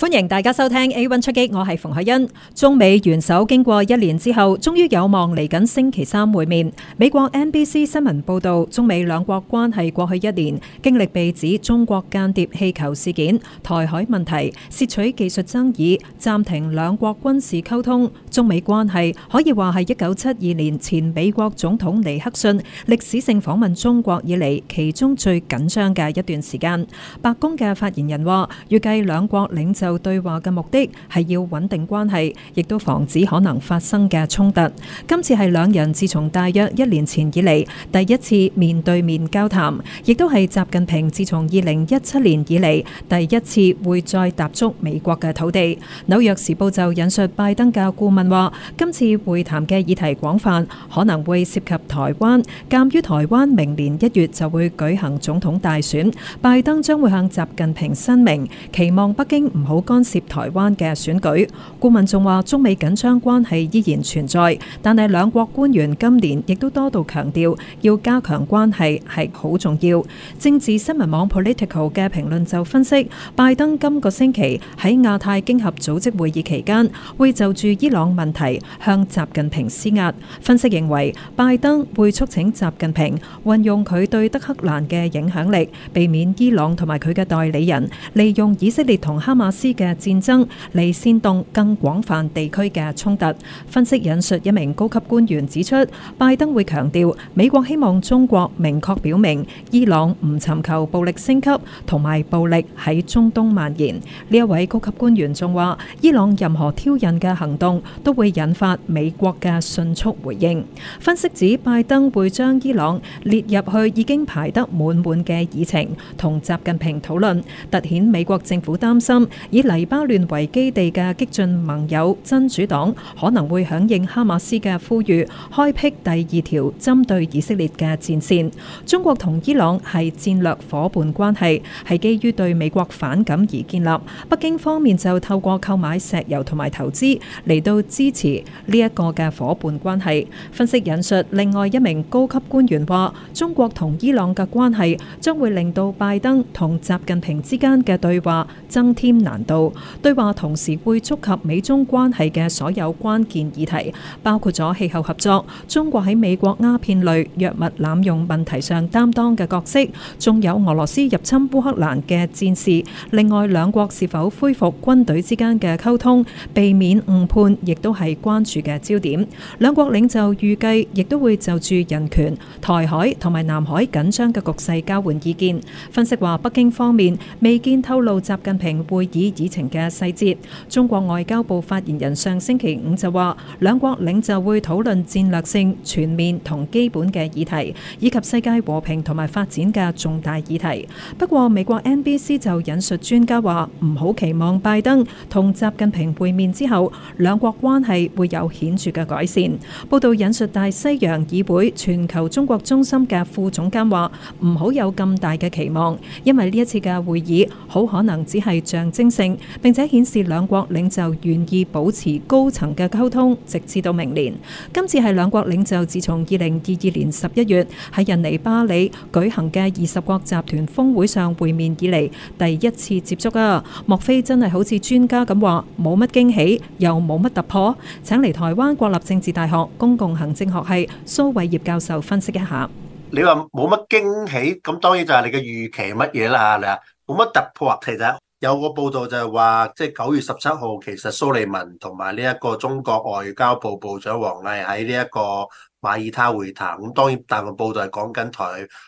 歡迎大家收聽 A One 出擊，我係馮海欣。中美元首經過一年之後，終於有望嚟緊星期三會面。美國 NBC 新聞報道，中美兩國關係過去一年經歷被指中國間諜氣球事件、台海問題、竊取技術爭議、暫停兩國軍事溝通。中美關係可以話係一九七二年前美國總統尼克遜歷史性訪問中國以嚟其中最緊張嘅一段時間。白宮嘅發言人話：預計兩國領袖對話嘅目的係要穩定關係，亦都防止可能發生嘅衝突。今次係兩人自從大約一年前以嚟第一次面對面交談，亦都係習近平自從二零一七年以嚟第一次會再踏足美國嘅土地。紐約時報就引述拜登嘅顧問。但話今次會談嘅議題廣泛，可能會涉及台灣。鑑於台灣明年一月就會舉行總統大選，拜登將會向習近平申明，期望北京唔好干涉台灣嘅選舉。顧問仲話，中美緊張關係依然存在，但係兩國官員今年亦都多度強調，要加強關係係好重要。政治新聞網 Political 嘅評論就分析，拜登今個星期喺亞太經合組織會議期間，會就住伊朗問題向習近平施壓，分析認為拜登會促請習近平運用佢對德黑蘭嘅影響力，避免伊朗同埋佢嘅代理人利用以色列同哈馬斯嘅戰爭嚟煽動更廣泛地區嘅衝突。分析引述一名高級官員指出，拜登會強調美國希望中國明確表明伊朗唔尋求暴力升級同埋暴力喺中東蔓延。呢一位高級官員仲話，伊朗任何挑釁嘅行動都會引發美國嘅迅速回應。分析指拜登會將伊朗列入去已經排得滿滿嘅議程，同習近平討論。突顯美國政府擔心，以黎巴嫩為基地嘅激進盟友真主黨可能會響應哈馬斯嘅呼籲，開闢第二條針對以色列嘅戰線。中國同伊朗係戰略夥伴關係，係基於對美國反感而建立。北京方面就透過購買石油同埋投資嚟到。支持呢一個嘅夥伴關係。分析引述另外一名高級官員話，中國同伊朗嘅關係將會令到拜登同習近平之間嘅對話增添難度。對話同時會觸及美中關係嘅所有關鍵議題，包括咗氣候合作、中國喺美國鴉片類藥物濫用問題上擔當嘅角色，仲有俄羅斯入侵烏克蘭嘅戰事。另外，兩國是否恢復軍隊之間嘅溝通，避免誤判亦。都係關注嘅焦點，兩國領袖預計亦都會就住人權、台海同埋南海緊張嘅局勢交換意見。分析話，北京方面未見透露習近平會議議程嘅細節。中國外交部發言人上星期五就話，兩國領袖會討論戰略性、全面同基本嘅議題，以及世界和平同埋發展嘅重大議題。不過，美國 NBC 就引述專家話，唔好期望拜登同習近平會面之後，兩國關係會有顯著嘅改善。報道引述大西洋議會全球中國中心嘅副總監話：唔好有咁大嘅期望，因為呢一次嘅會議好可能只係象徵性，並且顯示兩國領袖願意保持高層嘅溝通，直至到明年。今次係兩國領袖自從二零二二年十一月喺印尼巴里舉行嘅二十國集團峰會上會面以嚟第一次接觸啊！莫非真係好似專家咁話，冇乜驚喜，又冇乜突破？請嚟台灣國立政治大學公共行政學系蘇偉業教授分析一下。你話冇乜驚喜，咁當然就係你嘅預期乜嘢啦。嗱，冇乜突破。其實有個報道就係話，即係九月十七號，其實蘇利文同埋呢一個中國外交部部長王毅喺呢一個馬耳他會談。咁當然大部分報道係講緊台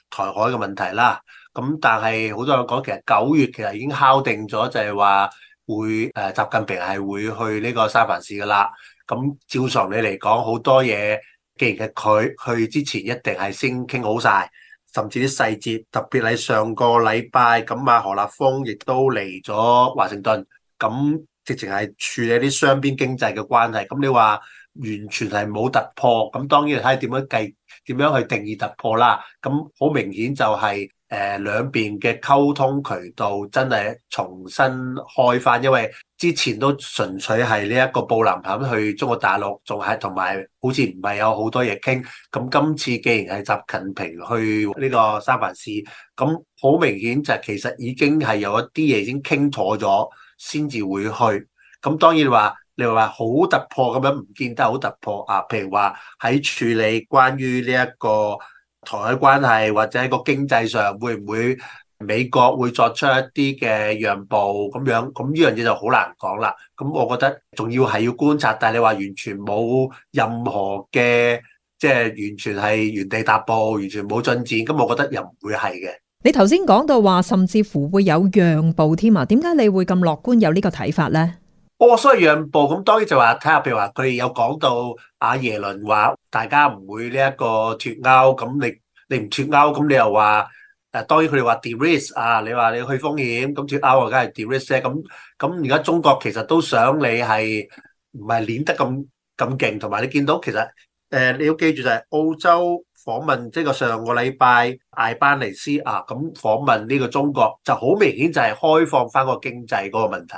台海嘅問題啦。咁但係好多人都講，其實九月其實已經敲定咗，就係話。會誒，習近平係會去呢個三藩市噶啦。咁照常理嚟講，好多嘢，既然係佢去之前，一定係先傾好曬，甚至啲細節。特別係上個禮拜，咁阿何立峯亦都嚟咗華盛頓，咁直情係處理啲雙邊經濟嘅關係。咁你話完全係冇突破，咁當然睇點樣計，點樣去定義突破啦。咁好明顯就係。誒兩邊嘅溝通渠道真係重新開翻，因為之前都純粹係呢一個布林肯去中國大陸，仲係同埋好似唔係有好多嘢傾。咁今次既然係習近平去呢個三藩市，咁好明顯就其實已經係有一啲嘢已經傾妥咗，先至會去。咁當然話你話好突破咁樣，唔見得好突破啊。譬如話喺處理關於呢一個台海關係或者喺個經濟上會唔會美國會作出一啲嘅讓步咁樣，咁呢樣嘢就好難講啦。咁我覺得仲要係要觀察，但係你話完全冇任何嘅，即係完全係原地踏步，完全冇進展，咁我覺得又唔會係嘅。你頭先講到話，甚至乎會有讓步添啊？點解你會咁樂觀有呢個睇法咧？我所以讓步，咁當然就話睇下，譬如話佢哋有講到阿耶倫話大家唔會呢一個脱鉤，咁你你唔脱鉤，咁你又話誒當然佢哋話 de-risk 啊，你話你去風險，咁脱鉤啊梗係 de-risk 咧，咁咁而家中國其實都想你係唔係練得咁咁勁，同埋你見到其實誒你要記住就係澳洲訪問，即係個上個禮拜艾班尼斯啊，咁訪問呢個中國就好明顯就係開放翻個經濟嗰個問題。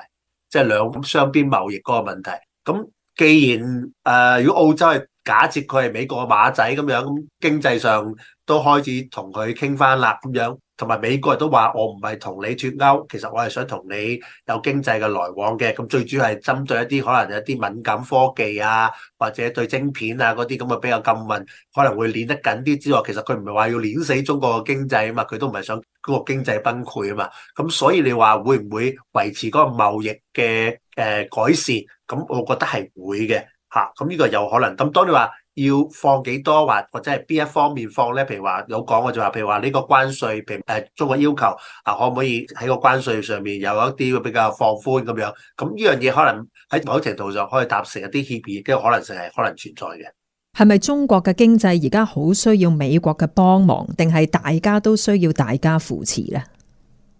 即係兩雙邊貿易嗰個問題，咁既然誒、呃，如果澳洲係假設佢係美國個馬仔咁樣，咁經濟上都開始同佢傾翻啦咁樣。同埋美國都話我唔係同你脫鉤，其實我係想同你有經濟嘅來往嘅。咁最主要係針對一啲可能有啲敏感科技啊，或者對晶片啊嗰啲咁啊比較禁運，可能會捻得緊啲之外，其實佢唔係話要捻死中國嘅經濟啊嘛，佢都唔係想個經濟崩潰啊嘛。咁所以你話會唔會維持嗰個貿易嘅誒改善？咁我覺得係會嘅嚇。咁、啊、呢個有可能。咁當你話。要放幾多或或者係邊一方面放咧？譬如話有講，我就話譬如話呢個關稅，譬誒、呃、中國要求啊，可唔可以喺個關稅上面有一啲會比較放寬咁樣？咁呢樣嘢可能喺某程度上可以達成一啲協議，嘅可能性係可能存在嘅。係咪中國嘅經濟而家好需要美國嘅幫忙，定係大家都需要大家扶持咧？誒、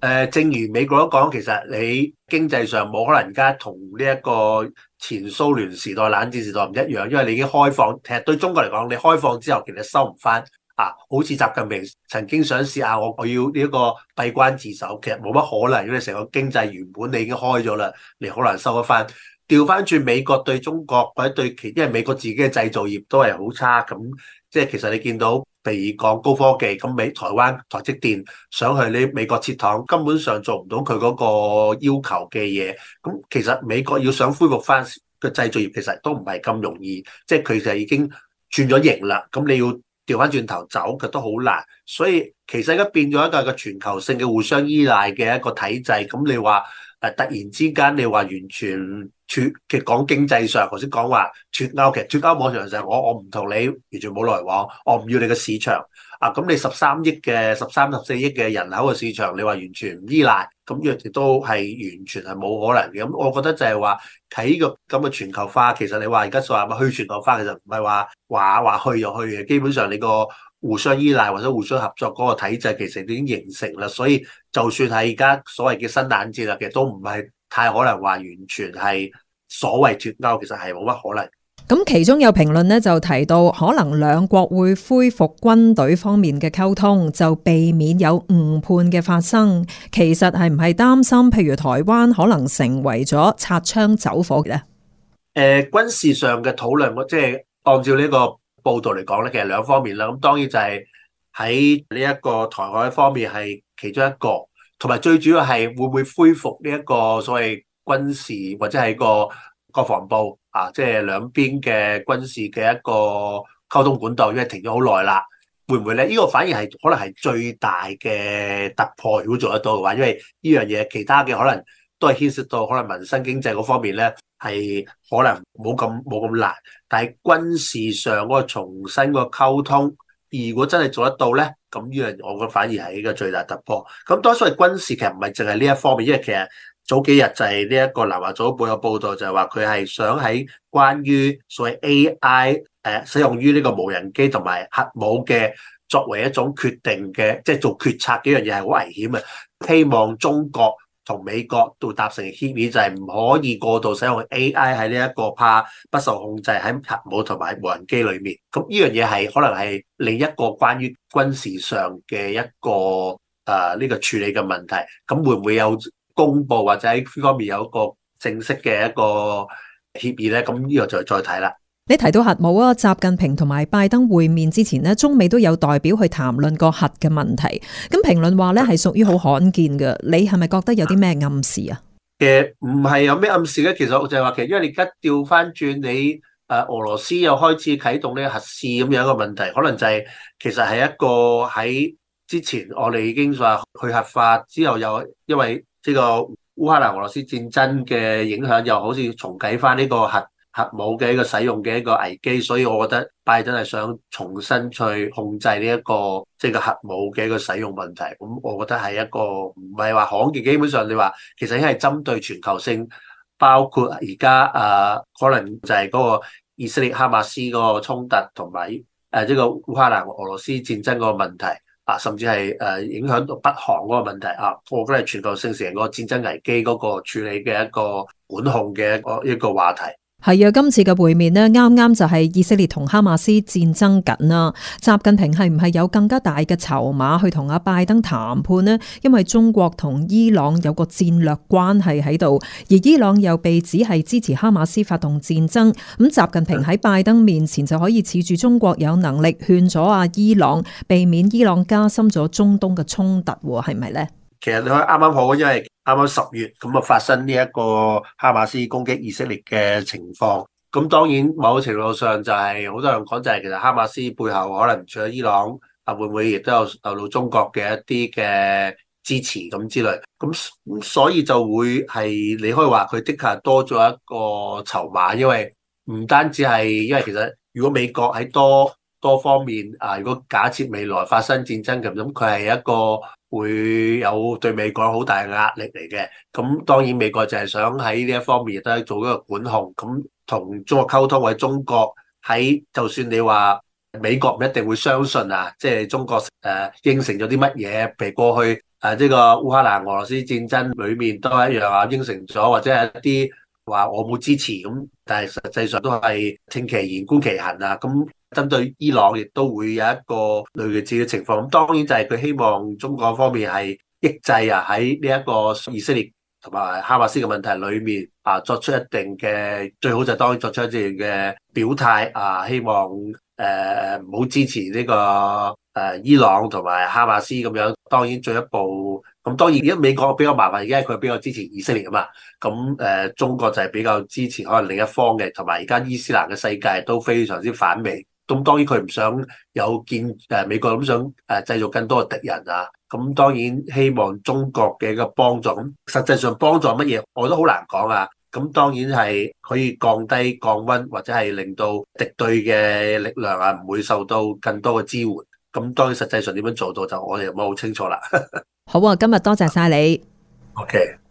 呃，正如美國都講，其實你經濟上冇可能而家同呢一個。前蘇聯時代、冷戰時代唔一樣，因為你已經開放。其實對中國嚟講，你開放之後，其實收唔返啊，好似習近平曾經想試下我，我要呢一個閉關自守，其實冇乜可能。如果你成個經濟原本你已經開咗啦，你好難收得返。調翻轉美國對中國或者對其，因為美國自己嘅製造業都係好差，咁即係其實你見到譬如講高科技，咁美、台灣台積電想去你美國設廠，根本上做唔到佢嗰個要求嘅嘢。咁其實美國要想恢復翻個製造業，其實都唔係咁容易，即係佢就已經轉咗型啦。咁你要調翻轉頭走，佢都好難。所以其實而家變咗一個嘅全球性嘅互相依賴嘅一個體制。咁你話誒，突然之間，你話完全？其實講經濟上，頭先講話脱歐，其實脱歐網上就係我我唔同你完全冇來往，我唔要你嘅市場啊！咁你十三億嘅十三十四億嘅人口嘅市場，你話完全唔依賴，咁樣亦都係完全係冇可能嘅。咁、嗯、我覺得就係話睇個咁嘅全球化，其實你話而家所謂嘅去全球化，其實唔係話話話去就去嘅。基本上你個互相依賴或者互相合作嗰個體制，其實已經形成啦。所以就算係而家所謂嘅新冷戰啦，其實都唔係太可能話完全係。所謂脫鈎其實係冇乜可能。咁其中有評論咧就提到，可能兩國會恢復軍隊方面嘅溝通，就避免有誤判嘅發生。其實係唔係擔心，譬如台灣可能成為咗擦槍走火嘅咧？誒、呃，軍事上嘅討論，我即係按照呢個報道嚟講咧，其實兩方面啦。咁當然就係喺呢一個台海方面係其中一個，同埋最主要係會唔會恢復呢一個所謂？軍事或者係個國防部啊，即係兩邊嘅軍事嘅一個溝通管道，因為停咗好耐啦，會唔會咧？呢個反而係可能係最大嘅突破，如果做得到嘅話，因為呢樣嘢其他嘅可能都係牽涉到可能民生經濟嗰方面咧，係可能冇咁冇咁難，但係軍事上嗰個重新個溝通，如果真係做得到咧，咁呢樣我覺得反而係一個最大突破。咁當然，所謂軍事，其實唔係淨係呢一方面，因為其實。早幾日就係呢一個南華早報有報道，就係話佢係想喺關於所謂 A.I. 誒使用於呢個無人機同埋核武嘅作為一種決定嘅，即係做決策嘅一樣嘢係好危險啊！希望中國同美國都達成協議，就係唔可以過度使用 A.I. 喺呢一個怕不受控制喺核武同埋無人機裏面。咁呢樣嘢係可能係另一個關於軍事上嘅一個誒、啊、呢個處理嘅問題。咁會唔會有？公布或者喺呢方面有一個正式嘅一個協議咧，咁呢個就再睇啦。你提到核武啊，習近平同埋拜登會面之前咧，中美都有代表去談論過核嘅問題。咁評論話咧係屬於好罕見嘅。你係咪覺得有啲咩暗示啊？誒，唔係有咩暗示咧？其實就係話，其實因為你而家調翻轉你誒，俄羅斯又開始啟動呢個核試咁樣一個問題，可能就係、是、其實係一個喺之前我哋已經話去核發之後又因為。呢個烏克蘭俄羅斯戰爭嘅影響又好似重啟翻呢個核核武嘅一個使用嘅一個危機，所以我覺得拜登係想重新去控制呢、這、一個即係、這個核武嘅一個使用問題。咁我覺得係一個唔係話罕見，基本上你話其實已經係針對全球性，包括而家啊可能就係嗰個以色列哈馬斯嗰個衝突同埋誒呢個烏克蘭俄羅斯戰爭嗰個問題。啊，甚至係誒影響到北韓嗰個問題啊，我覺得係全球性成個戰爭危機嗰個處理嘅一個管控嘅一個一個話題。係啊，今次嘅會面呢，啱啱就係以色列同哈馬斯戰爭緊啊。習近平係唔係有更加大嘅籌碼去同阿拜登談判呢？因為中國同伊朗有個戰略關係喺度，而伊朗又被指係支持哈馬斯發動戰爭。咁習近平喺拜登面前就可以恃住中國有能力勸阻阿伊朗，避免伊朗加深咗中東嘅衝突，係咪呢？其實你可以啱啱好，因為啱啱十月咁啊，發生呢一個哈馬斯攻擊以色列嘅情況。咁當然，某程度上就係好多人講，就係其實哈馬斯背後可能除咗伊朗，啊會唔會亦都有受到中國嘅一啲嘅支持咁之類。咁所以就會係你可以話佢的確多咗一個籌碼，因為唔單止係，因為其實如果美國喺多多方面啊，如果假設未來發生戰爭咁，咁佢係一個。會有對美國好大嘅壓力嚟嘅，咁當然美國就係想喺呢一方面都係做一個管控，咁同中國溝通，或者中國喺就算你話美國唔一定會相信啊，即係中國誒應承咗啲乜嘢？譬如過去誒呢個烏克蘭俄羅斯戰爭裡面都係一樣啊，應承咗或者係一啲話我冇支持咁，但係實際上都係聽其言觀其行啊，咁。針對伊朗亦都會有一個類似嘅情況，咁當然就係佢希望中國方面係抑制啊，喺呢一個以色列同埋哈馬斯嘅問題裏面啊，作出一定嘅最好就當然作出一定嘅表態啊，希望誒唔好支持呢、這個誒、呃這個呃、伊朗同埋哈馬斯咁樣。當然進一步咁當然而家美國比較麻煩，而家佢比較支持以色列啊嘛，咁誒、呃、中國就係比較支持可能另一方嘅，同埋而家伊斯蘭嘅世界都非常之反美。咁當然佢唔想有建，誒，美國咁想誒製造更多嘅敵人啊。咁當然希望中國嘅一個幫助。咁實際上幫助乜嘢，我都好難講啊。咁當然係可以降低降溫，或者係令到敵對嘅力量啊，唔會受到更多嘅支援。咁當然實際上點樣做到，就我哋唔係好清楚啦。好，今日多謝晒你。OK。